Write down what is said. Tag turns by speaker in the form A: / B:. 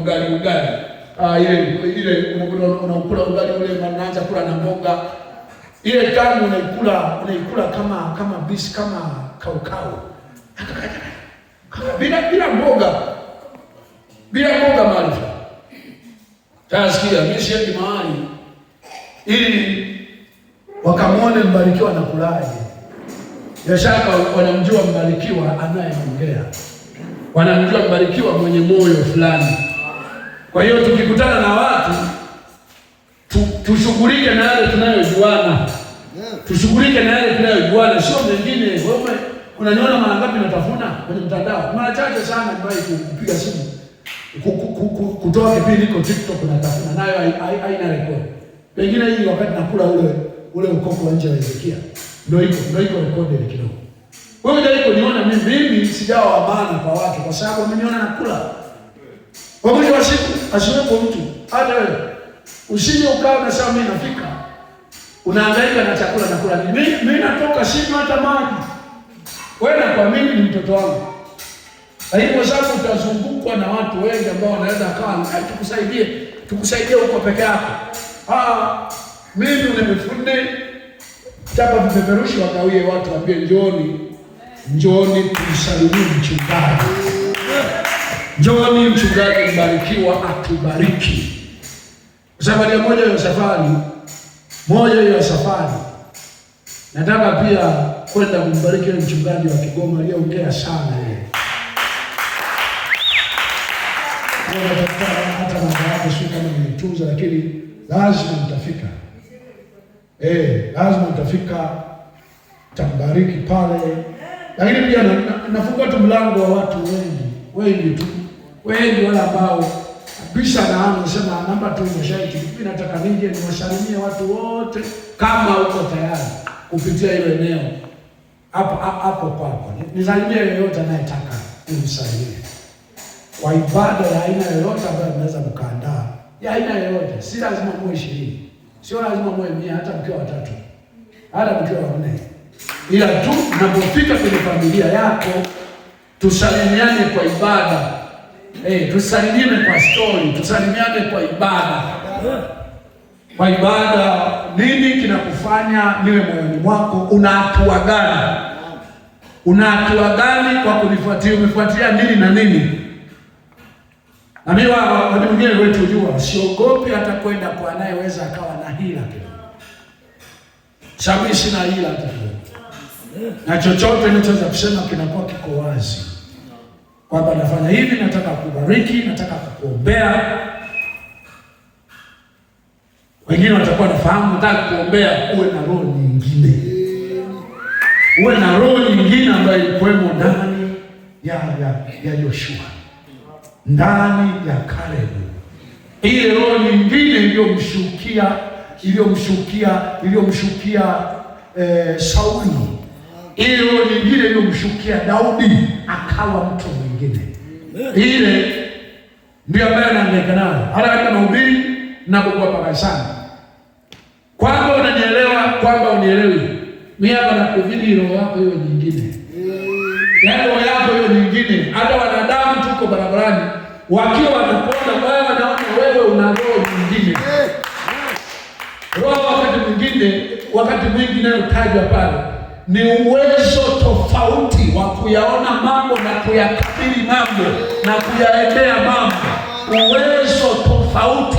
A: ugali ugali, ah, ile ile unakula ugali ule, unaanza kula na mboga ile tamu, unaikula unaikula kama kama bisi kama kaukau bila bila mboga bila mboga maarifa. Tasikia mimi siendi mahali ili wakamwone Mbarikiwa na kulaje yashaka wanamjua Mbarikiwa anayeongea, wanamjua Mbarikiwa mwenye moyo fulani. Kwa hiyo tukikutana na watu tu, tushughulike na yale tunayojuana, tushughulike na yale tunayojuana, sio mengine. Wewe unaniona mara ngapi natafuna kwenye mtandao? Mara chache sana niwahi kupiga simu kutoa kipindi kwa TikTok na tafuna nayo haina rekodi. Pengine hii wakati nakula ule ule ukoko wa nje wa Ezekia ndio iko ndio iko rekodi ile kidogo. Wewe ndio iko niona mimi mimi sijawa wa maana kwa watu kwa sababu mimi niona nakula. Kwa mwisho wa siku asiwepo mtu, hata wewe usije ukawa unasema mimi nafika, unahangaika na chakula na kula. Mimi mimi natoka sima hata maji, wewe na kwa mimi ni mtoto wangu. Lakini kwa sababu utazungukwa na watu wengi ambao wanaweza kaa, tukusaidie, tukusaidie huko peke yako. Ah, mimi nimefunde chapa vipeperushi wakawie watu, wambie njoni njoni tumsalimie mchungaji. John mchungaji mbarikiwa atubariki. Safari moja ya safari moja ya safari, nataka pia kwenda kumbariki mchungaji wa Kigoma aliyeongea sana yeye hata yake kama lakini lazima mtafika, eh, lazima mtafika, tambariki pale, lakini pia nafungua tu mlango wa watu wengi wengi tu wengi wale ambao bisha naano sema namba tu umeshaiki. Mimi nataka nije niwasalimie watu wote, kama uko tayari kupitia hilo eneo hapo hapo kwako, nisalimie yoyote anayetaka nimsalimie kwa ibada ya aina yoyote ambayo mnaweza mkaandaa, ya aina yoyote. Si lazima muwe ishirini, sio lazima muwe mia, hata mkiwa watatu, hata mkiwa wanne, ila tu mnapofika kwenye familia yako tusalimiane kwa ibada. Eh, tusalimiane kwa stori, tusalimiane kwa ibada. Kwa ibada nini kinakufanya niwe moyoni mwako? Una hatua gani? Una hatua gani kwa kunifuatia? Umefuatia nini na nini? Nami wadi mwingine wetu jua, siogopi hata kwenda kwa anayeweza akawa na hila kidogo, sababu sina hila kidogo, na chochote ninachoweza kusema kinakuwa kiko wazi kwamba nafanya hivi, nataka kubariki, nataka kukuombea. Wengine watakuwa nafahamu, nataka kuombea uwe na roho nyingine, uwe na roho nyingine ambayo ilikuwemo ndani ya, ya, ya ndani ya Caleb. ile roho nyingine iliyomshukia iliyomshukia iliyomshukia eh, Sauli hiyo roho nyingine iliyomshukia Daudi akawa mtu mwingine, ile ndio ambayo anaangaika nayo hata katika mahubiri na kukua pakasana, kwamba unanielewa kwamba unielewi mimi hapa na kuvidi roho yako hiyo nyingine, yaani roho yako hiyo nyingine. Hata wanadamu tuko barabarani wakiwa wanakonda wao wanaona wewe una roho nyingine, roho wakati mwingine, wakati mwingi inayotajwa pale ni uwezo tofauti wa kuyaona mambo na kuyakabili mambo na kuyaendea mambo, uwezo tofauti.